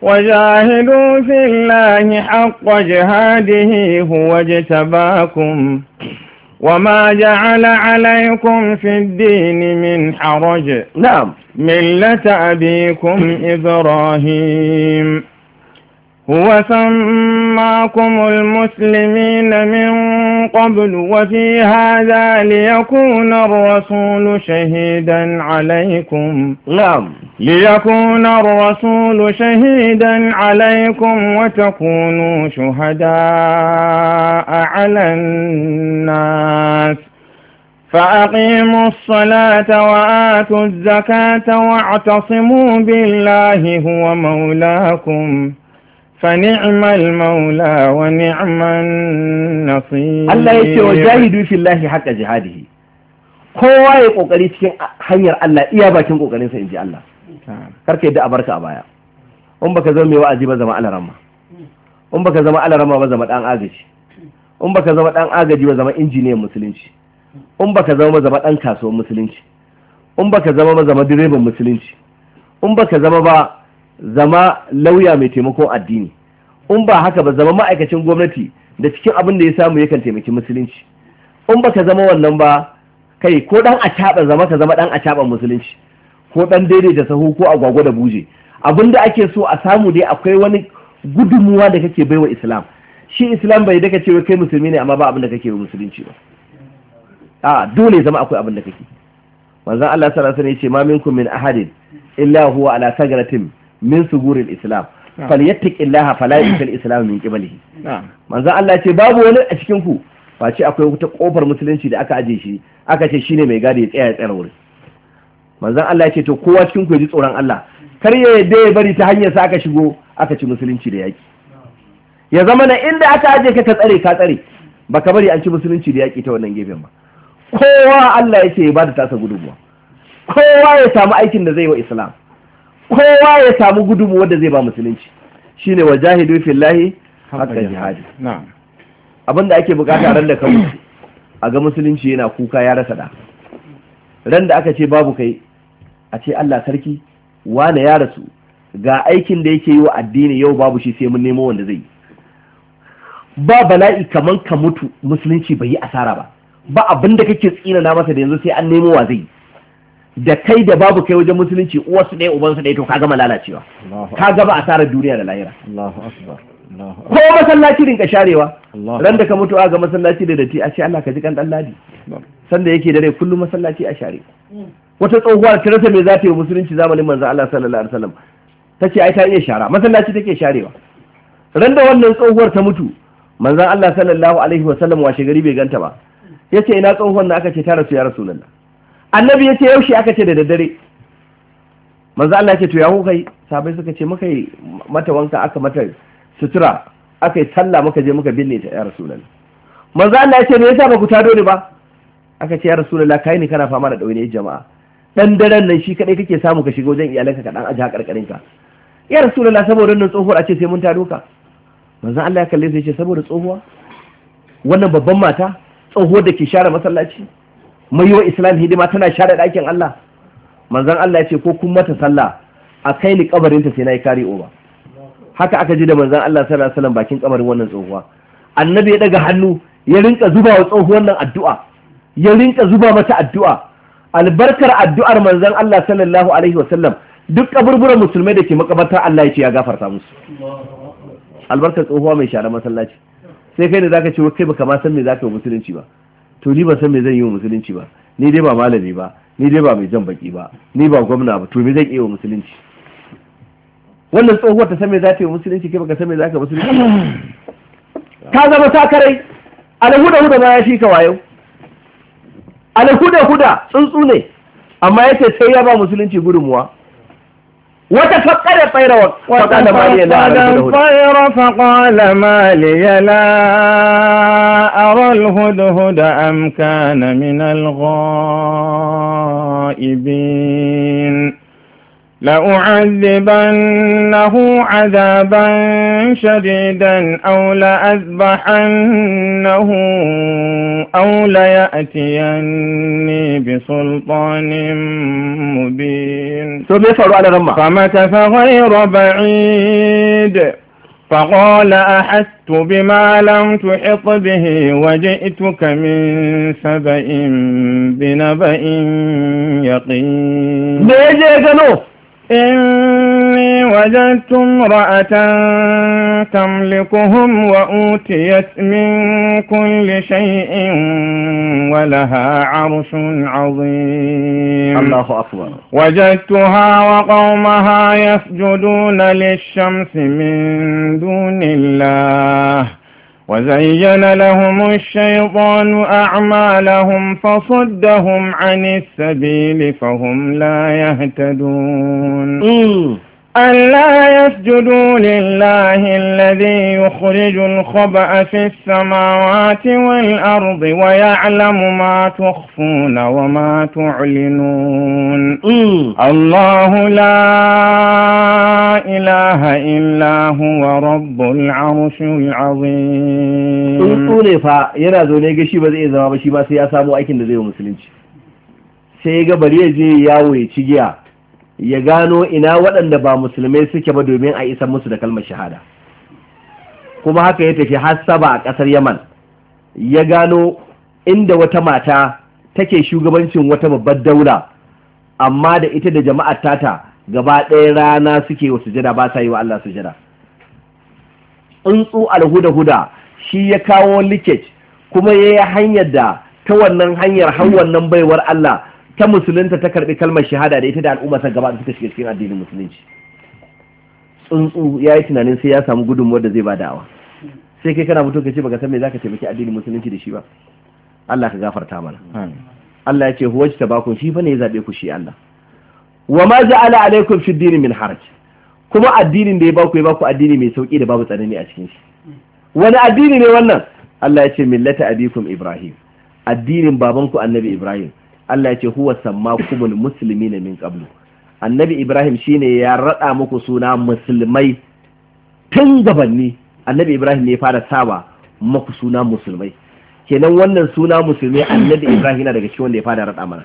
وجاهدوا في الله حق جهاده هو اجتباكم وما جعل عليكم في الدين من حرج نعم ملة أبيكم إبراهيم هو سماكم المسلمين من قبل وفي هذا ليكون الرسول شهيدا عليكم نعم ليكون الرسول شهيدا عليكم وتكونوا شهداء على الناس فأقيموا الصلاة وآتوا الزكاة واعتصموا بالله هو مولاكم فنعم المولى ونعم النصير الله يتي وجاهدوا في الله حق جهاده kowa ya kokari cikin hanyar Allah iya bakin kokarin sa inji Allah karka yadda a barka a baya in baka zama mai wa'azi ba zama alarama in baka zama alarama ba zama dan agaji in baka zama dan agaji ba zama injiniyan musulunci in baka zama ba zama dan kasuwan musulunci in baka zama ba zama direban musulunci in baka zama ba zama lauya mai taimakon addini in ba haka ba zama ma'aikacin gwamnati da cikin abin da ya samu yakan taimaki musulunci in ba ka zama wannan ba kai ko dan acaba zama ka zama dan acaba musulunci ko dan daidaita sahu ko agwagwa da buje abin da ake so a samu dai akwai wani gudunmuwa da kake baiwa islam shi islam bai daka cewa kai musulmi ne amma ba abin da kake wa musulunci ba a dole zama akwai abin da kake manzon Allah sallallahu alaihi wasallam yace ce ma minkum min ahadin illa huwa ala sagratin min suguril islam falyattaqillaha fala yusil islam min qibalihi manzo Allah ce babu wani a cikin ku face akwai wata kofar musulunci da aka aje shi aka ce shine mai gadi ya tsaya ya tsaya wurin manzon Allah ya ce to kowa cikin ku ya ji tsoron Allah kar ya yadda ya bari ta hanyar sa aka shigo aka ci musulunci da yaki ya zama na inda aka aje ka ka tsare ka tsare baka bari an ci musulunci da yaki ta wannan gefen ba kowa Allah ya ce ya bada tasa gudunmuwa kowa ya samu aikin da zai wa Islam kowa ya samu gudunmu wanda zai ba musulunci shine wa jahidu fillahi haka jihadi abinda ake bukata ran da ka mutu a ga musulunci yana kuka ya rasa da ran da aka ce babu kai a ce Allah sarki wane ya rasu ga aikin da yake yi wa addini yau babu shi sai mun nemo wanda zai yi ba bala'i kamar ka mutu musulunci bai yi asara ba ba abinda kake tsina na masa da yanzu sai an nemo wa zai yi da kai da babu kai wajen musulunci uwarsu ɗaya ubansu ɗaya to ka gama lalacewa ka gama asarar duniya da lahira ko masallaci rinka sharewa ran da ka mutu a ga masallaci da datti a ce Allah ka ji kan dan ladi sanda yake da rai kullum masallaci a share mm. wata tsohuwar tirata mai me yi musulunci zamanin manzo Allah sallallahu alaihi wasallam tace ai ta iya shara masallaci take sharewa ran da wannan tsohuwar ta mutu manzo Allah sallallahu alaihi wasallam washe gari bai ganta ba yace ina tsohuwar da aka ce ta rasu ya rasulullah annabi ya ce yaushe aka ce da daddare manzo Allah ya ce to ya kuka yi sabai suka ce muka yi mata wanka aka mata sutura aka yi sallah muka je muka binne ta ya rasulullahi manzo Allah ya ce me yasa ba ku tado ba aka ce ya rasulullahi kai ni kana fama da ɗaune jama'a dan daren nan shi kadai kake samu ka shiga wajen iyalanka ka dan aji ha karkarin ka ya rasulullahi saboda nan tsohuwar a ce sai mun tado ka manzo Allah ya kalle sai ya ce saboda tsohuwa wannan babban mata tsohuwar da ke share masallaci mai wa islam hidima tana share ɗakin Allah manzan Allah ya ce ko kun mata sallah a kai ni kabarinta sai na yi kare uba haka aka ji da manzan Allah sallallahu alaihi wasallam bakin kabarin wannan tsohuwa annabi ya daga hannu ya rinka zuba wa tsohuwar nan addu'a ya rinka zuba mata addu'a albarkar addu'ar manzon Allah sallallahu alaihi wasallam duk kaburburan musulmai da ke makabarta Allah ya ce ya gafarta musu albarkar tsohuwa mai share masallaci sai kai da zaka ce kai baka ma san me zaka yi musulunci ba to ni ban san me zan yi wa musulunci ba ni dai ba malami ba ni dai ba mai jan baki ba ni ba gwamna ba to me zan yi wa musulunci wannan tsohuwar ta san me za ta yi wa musulunci kai baka san me za ka musulunci ka zama sakarai alhuda huda ma ya shi ka wayo alhuda huda tsuntsu ne amma yace sai ya ba musulunci gudunmuwa وتفقد الطير الطير فقال ما لي لا أرى الهدهد أم كان من الغائبين لأعذبنه عذابا شديدا أو لأذبحنه أو ليأتيني بسلطان مبين فمكث غير بعيد فقال أحست بما لم تحط به وجئتك من سبأ بنبأ يقين إني وجدت امرأة تملكهم وأوتيت من كل شيء ولها عرش عظيم الله أكبر وجدتها وقومها يسجدون للشمس من دون الله وزين لهم الشيطان أعمالهم فصدهم عن السبيل فهم لا يهتدون ألا يسجدوا لله الذي يخرج الخبأ في السماوات والأرض ويعلم ما تخفون وما تعلنون الله لا إله إلا هو رب العرش العظيم tsuntsune fa yana zaune ga shi ba zai zama ba shi ba sai ya samu aikin da zai yi musulunci sai ya ga bari ya je yawo ya ci giya ya gano ina waɗanda ba musulmai suke ba domin a isa musu da kalmar shahada kuma haka ya tafi hassaba a ƙasar yaman ya gano inda wata mata take shugabancin wata babbar daula amma da ita da jama'ar tata gaba ɗaya rana suke wa sujada ba sa yi wa Allah sujada tsuntsu alhuda-huda shi ya kawo likage kuma ya yi hanyar da ta wannan hanyar har wannan baiwar Allah ta musulunta ta karbi kalmar shahada da ita da sa gaba da suka shiga cikin addinin musulunci tsuntsu ya yi tunanin sai ya samu gudunmuwar da zai ba dawa sai kai kana mutum ka ce baka san me zaka taimaki addinin musulunci da shi ba Allah ka gafarta mana Allah ya ce huwa ta bakun shi fa ne ya zabe ku shi Allah wa ma ja'ala alaikum fi dini min haraj kuma addinin da ya baku ya baku addini mai sauki da babu tsanani a cikin shi wani addini ne wannan Allah ya ce millata abikum ibrahim addinin babanku annabi ibrahim Allah ya ce huwa sammakumul muslimin min qablu annabi ibrahim shine ya rada muku suna musulmai tun gabanni annabi ibrahim ne ya fara saba muku suna musulmai kenan wannan suna musulmai annabi ibrahim na daga cikin wanda ya fara rada mana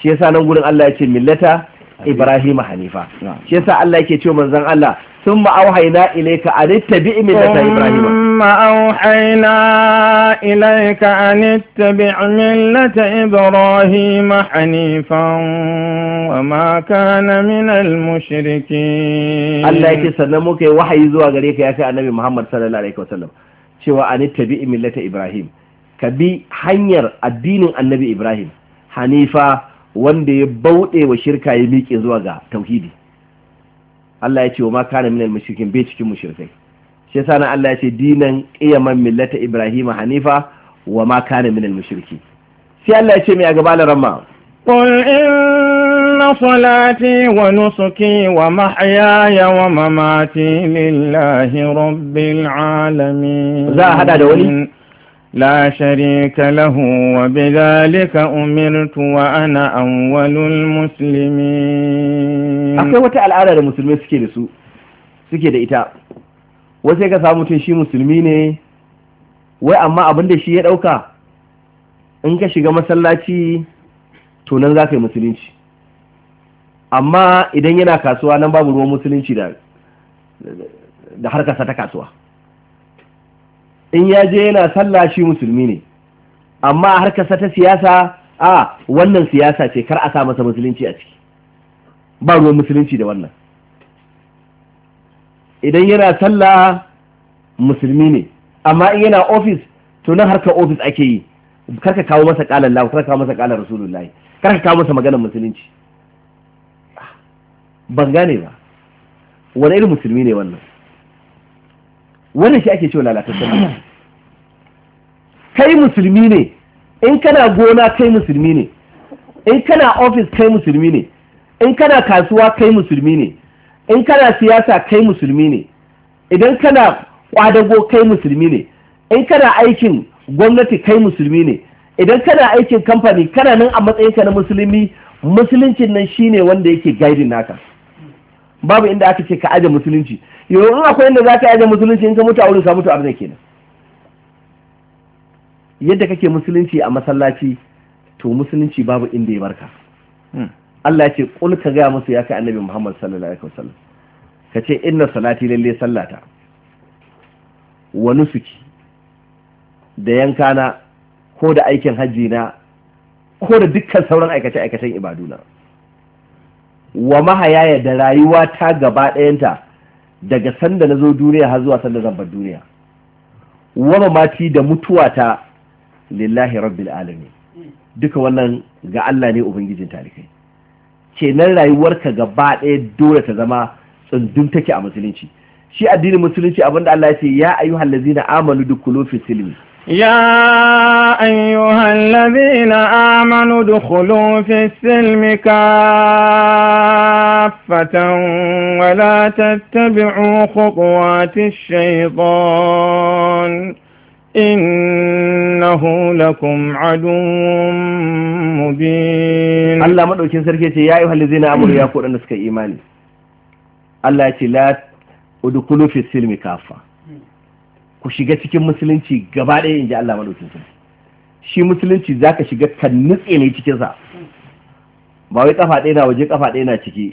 shi yasa nan gurin Allah ya ce millata ibrahim hanifa shi yasa Allah yake ce manzon Allah sun ma'auhaina an a littabi millata ibrahim ma'auhaina ilaika a littabi millata ibrahim hanifa wa ma kana min al-mushriki Allah yake sannan muke wahayi zuwa gare ka yake annabi Muhammad sallallahu alaihi wasallam cewa a littabi millata ibrahim ka bi hanyar addinin annabi ibrahim hanifa wanda ya bauɗe wa shirka ya miƙe zuwa ga tauhidi Allah ya ce wa ma kana al mushrikin bai cikin mushrikai shi yasa nan Allah ya ce dinan qiyamam millata ibrahim hanifa wa ma kana al mushriki sai Allah ya ce mai a gaba da ramma qul inna salati wa nusuki wa mahyaya wa mamati lillahi rabbil alamin za a hada da wani لا شريك له وبذلك أمرت وأنا أول المسلمين akwai wata al'ada da musulmi suke da su suke da ita wai sai ka mutum shi musulmi ne wai amma abin da shi ya ɗauka in ka shiga masallaci to nan za ka yi musulunci amma idan yana kasuwa nan babu ruwan musulunci da harkarsa ta kasuwa in ya je yana sallah shi musulmi ne amma harkarsa ta siyasa a wannan siyasa ce kar a sa masa musulunci a ciki ba ruwan musulunci da wannan idan yana sallah musulmi ne amma in yana ofis to nan harkar ofis ake yi karka kawo masa kalan lahu karka kawo masa kalan rasulullahi karka kawo masa maganar musulunci ban gane ba wani irin musulmi ne wannan wannan shi ake cewa lalatattun kai musulmi ne in kana gona kai musulmi ne in kana ofis kai musulmi ne in kana kasuwa kai musulmi ne in kana siyasa kai musulmi ne idan kana kwadago kai musulmi ne in kana aikin gwamnati kai musulmi ne idan kana aikin kamfani kana nan a matsayinka na musulmi musuluncin nan shine wanda yake guiding naka babu inda aka ce ka aje musulunci yau in akwai inda za ka yaje musulunci in ka mutu a wurin samu tuwa a yadda kake musulunci a masallaci to musulunci babu inda ya barka hmm. Allah ce kul ka gaya musu ya kai annabi Muhammad sallallahu alaihi wasallam ka ce inna salati lalle sallata wa nusuki da na ko da aikin hajji na ko da dukkan sauran aikace aikacen ibaduna wa mahayaya da rayuwa ta gaba ɗayanta daga sanda na zo duniya har zuwa sanda zan bar duniya wa mati da ta lillahi rabbil alamin duka wannan ga Allah ne ubangijin talikai kenan rayuwarka gaba ɗaya dole ta zama tsundun take a musulunci shi addinin musulunci abinda Allah ya ce ya ayyuhal ladzina amanu dukulu fi silmi يا أيها الذين آمنوا ادخلوا في السلم ka. كافة ولا تتبعوا خطوات الشيطان إنه لكم عدو مبين الله مدعو كن سركي يا أيها الذين أمروا يا kudan suka إيماني الله لا ce في السلم كافة silmi ku shiga cikin musulunci gaba ɗaya in ji Allah maɗaukin sarki shi musulunci za ka shiga ka nutse ne cikinsa ba wai ƙafa ɗaya na waje ƙafa ɗaya na ciki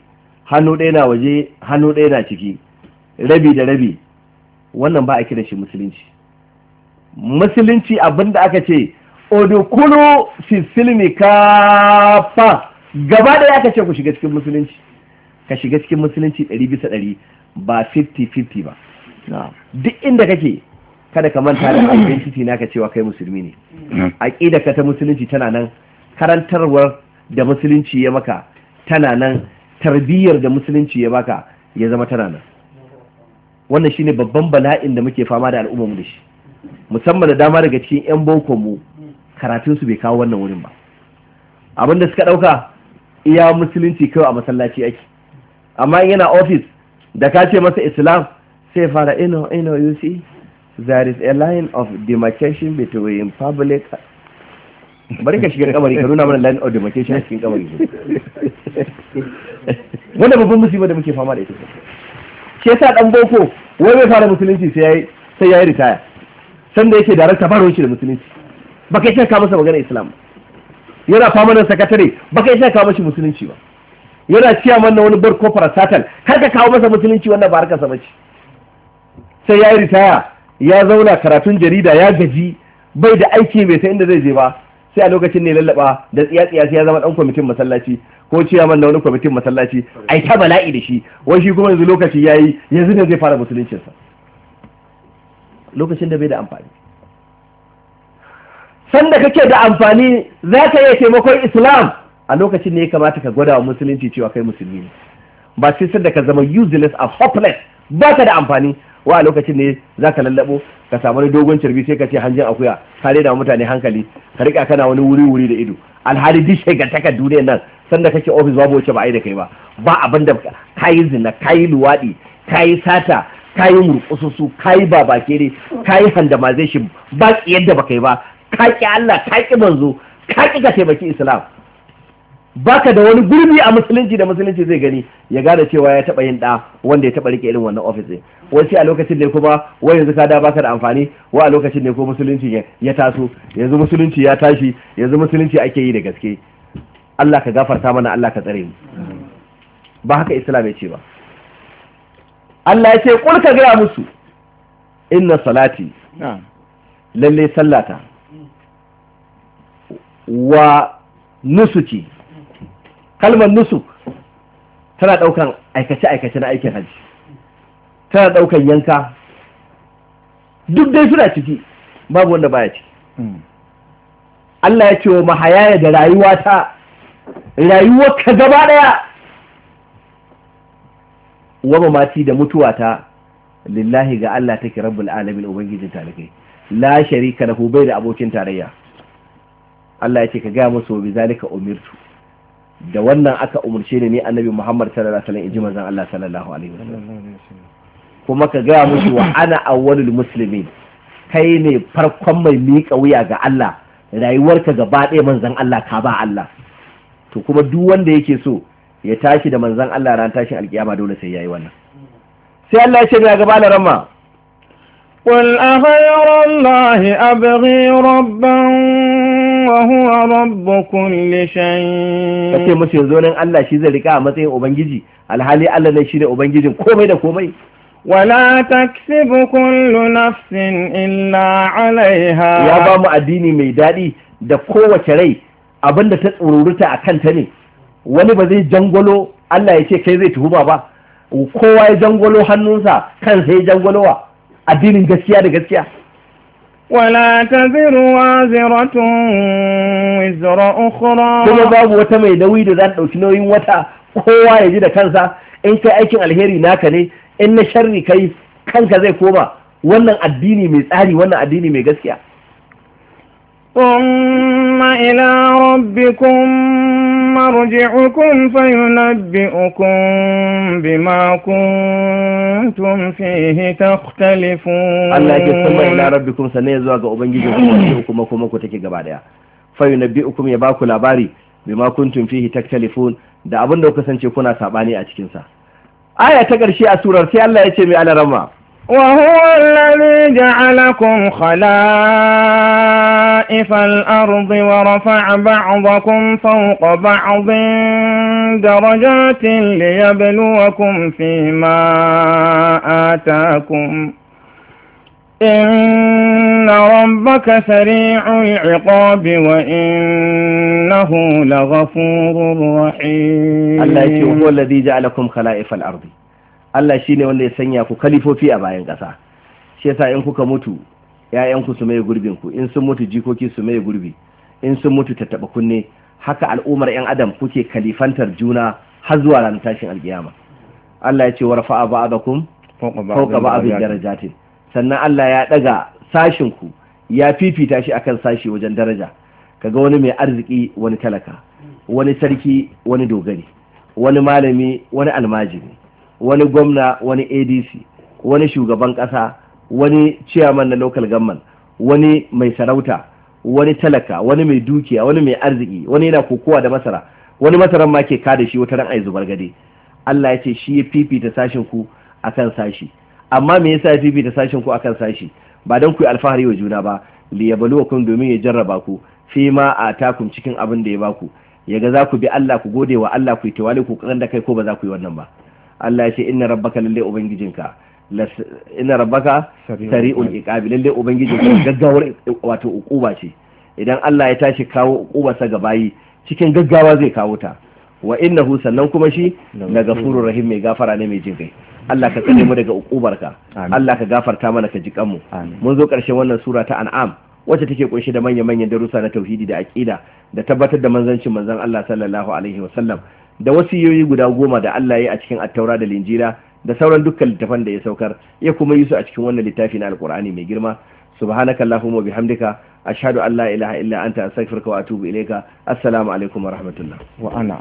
hannu ɗaya na waje hannu ɗaya na ciki rabi da rabi wannan ba a kira shi musulunci musulunci abinda aka ce odukulu sisilmi kafa gaba ɗaya aka ce ku shiga cikin musulunci ka shiga cikin musulunci ɗari bisa ɗari ba 50-50 ba duk inda kake kada ka manta da identity naka cewa kai musulmi ne aqida ka ta musulunci tana nan karantarwar da musulunci ya maka tana nan tarbiyyar da musulunci ya baka ya zama tana nan wannan shine babban bala'in da muke fama da mu da shi musamman da dama daga cikin 'yan boko mu karatun su bai kawo wannan wurin ba abin da suka ɗauka iya musulunci kawai a masallaci ake amma in yana ofis da ka ce masa islam sai fara ino ino you see there is a line of demarcation between public bari ka shiga kamari ka nuna mana line of demarcation a cikin kabari wanda babban musiba da muke fama da ita shi yasa dan boko wai bai fara musulunci sai yayi sai yayi ritaya sanda yake darakta fara wuce da musulunci baka yi shaka masa magana islam yana fama da sakatare baka yi shaka mashi musulunci ba yana ciya manna wani bar kofar satan har ka kawo masa musulunci wannan ba harkar sa bace sai yayi ritaya ya zauna karatun jarida ya gaji bai da aiki bai ta inda zai je ba sai a lokacin ne lallaba da tsiya tsiya sai ya zama dan kwamitin masallaci ko ciyaman na wani kwamitin masallaci ai ta bala'i da shi wai shi kuma yanzu lokaci yayi yanzu ne zai fara musuluncin lokacin da bai da amfani sanda kake da amfani za ka iya taimakon islam a lokacin ne ya kamata ka gwada wa musulunci cewa kai musulmi ne ba sai sanda ka zama useless a hopeless ba ka da amfani wa a lokacin ne za ka lallabo ka samu wani dogon cirbi sai ka ce hanjin akuya ka da mutane hankali ka rika kana wani wuri wuri da ido alhali duk shagantakar duniyar nan sanda kake ofis babu wace ba a yi da kai ba ba abin da ka yi zina ka yi luwaɗi ka yi sata ka yi murƙususu ka yi babakere ka yi handamazeshin ba yadda ba kai ba ka ƙi Allah ka ƙi manzo ka ƙi ka taimaki Islam baka da wani gurbi a musulunci da musulunci zai gani ya gane cewa ya taba yin da wanda ya taba rike irin wannan office din wai a lokacin ne kuma wai yanzu ka da baka da amfani wa a lokacin ne ko musulunci ya taso yanzu musulunci ya tashi yanzu musulunci ake yi da gaske Allah ka gafarta mana Allah ka tsare mu ba haka islam ya ce ba Allah ya ce kul ka gaya musu inna salati lalle sallata wa nusuki kalmar nusu tana ɗaukan aikace-aikace na aikin hajji tana ɗaukan yanka duk dai suna ciki babu wanda baya ciki hmm. Allah ya ce wa mahayaya da rayuwa ta rayuwar ka gaba ɗaya wa Mati da mutuwa ta lillahi ga Allah take rabbul alamin ubangijin talikai la sharika lahu bai da abokin tarayya Allah ya ce ka gaya musu bi zalika umirtu da wannan aka umarce ni ne annabi Muhammad sallallahu alaihi wasallam inji manzon Allah sallallahu alaihi wasallam kuma ka gaya musu wa ana awwalul muslimin kai ne farkon mai miƙa wuya ga Allah rayuwarka gaba ɗaya manzon Allah ka ba Allah to kuma duk wanda yake so ya tashi da manzon Allah ran tashin alkiyama dole sai yayi wannan sai Allah ya ce ga gaba da ramma قل أغير الله أبغي ربا وهو رب كل شيء kace musu yanzu nan Allah shi zai rika a matsayin ubangiji alhali Allah ne shine ubangijin komai da komai wala taksibu kullu nafsin illa alaiha ya ba mu addini mai daɗi da kowace rai abinda ta tsururuta a kanta ne wani ba zai jangwalo Allah ya ce kai zai tuhuma ba kowa ya jangwalo hannunsa kan sai jangwalowa addinin gaskiya da gaskiya wala wa ziratun wizra ukhra kuma babu wata mai nauyi da za ta ɗauki nauyin wata kowa ya ji da kansa in kai aikin alheri naka ne in na sharri kai kanka zai koma wannan addini mai tsari wannan addini mai gaskiya ثم إلى ربكم مرجعكم فينبئكم بما كنتم فيه تختلفون الله يجب ثم إلى ربكم سنيزوا أبنجيكم وكما كما كتكي قبادها فينبئكم يباكو لاباري bima kuntum fihi taktalifun da abin da ku kasance kuna sabani a cikin sa aya ta ƙarshe a surar sai Allah ya ce وهو الذي جعلكم خلائف الأرض ورفع بعضكم فوق بعض درجات ليبلوكم فيما آتاكم إن ربك سريع العقاب وإنه لغفور رحيم الله هو الذي جعلكم خلائف الأرض Allah shi ne wanda ya sanya ku kalifofi a bayan ƙasa shi yasa in kuka mutu 'ya'yanku su mai gurbin ku in sun mutu jikoki su mai gurbi in sun mutu tattaba kunne haka al'ummar 'yan adam kuke kalifantar juna har zuwa ranar tashin alkiyama Allah ya ce wa rafa'a ba'dakum fawqa ba'dhin darajatin sannan Allah ya daga sashin ku ya fifita shi akan sashi wajen daraja kaga wani mai arziki wani talaka wani sarki wani dogari wani malami wani almajiri wani gwamna wani adc wani shugaban ƙasa wani ciyaman na local government wani mai sarauta wani talaka wani mai dukiya wani mai arziki wani yana kokowa da masara wani masaran ma ke kada shi wata ran ai zubar gade Allah ya ce shi ya fifita sashin ku akan sashi amma me yasa ya fifita sashin ku akan sashi ba dan ku yi alfahari wa juna ba yabluwakum domin ya jarraba ku fi ma a takum cikin abin da ya baku yaga za ku bi Allah ku gode wa Allah ku yi tawali ku kan da kai ko ba za ku yi wannan ba Allah ya ce inna rabbaka lalle ubangijinka inna rabbaka sari'ul iqabi lalle ubangijinka gaggawar wato ukuba ce idan Allah ya tashi kawo ukubarsa ga bayi cikin gaggawa zai kawo ta wa innahu sannan kuma shi na gafurur rahim mai gafara ne mai jin Allah ka tsare mu daga ka Allah ka gafarta mana ka ji kanmu mun zo karshen wannan sura ta an'am wacce take kunshi da manya-manyan darussa na tauhidi da aqida da tabbatar da manzancin manzon Allah sallallahu alaihi wasallam da wasu wasiyoyi guda goma da Allah ya a cikin attaura da linjila da sauran dukkan littafan da ya saukar ya kuma yi su a cikin wannan littafi na alkur'ani mai girma subhanaka allahumma bihamdika ashhadu an la ilaha illa anta astaghfiruka wa atubu ilayka assalamu alaikum wa rahmatullah wa ana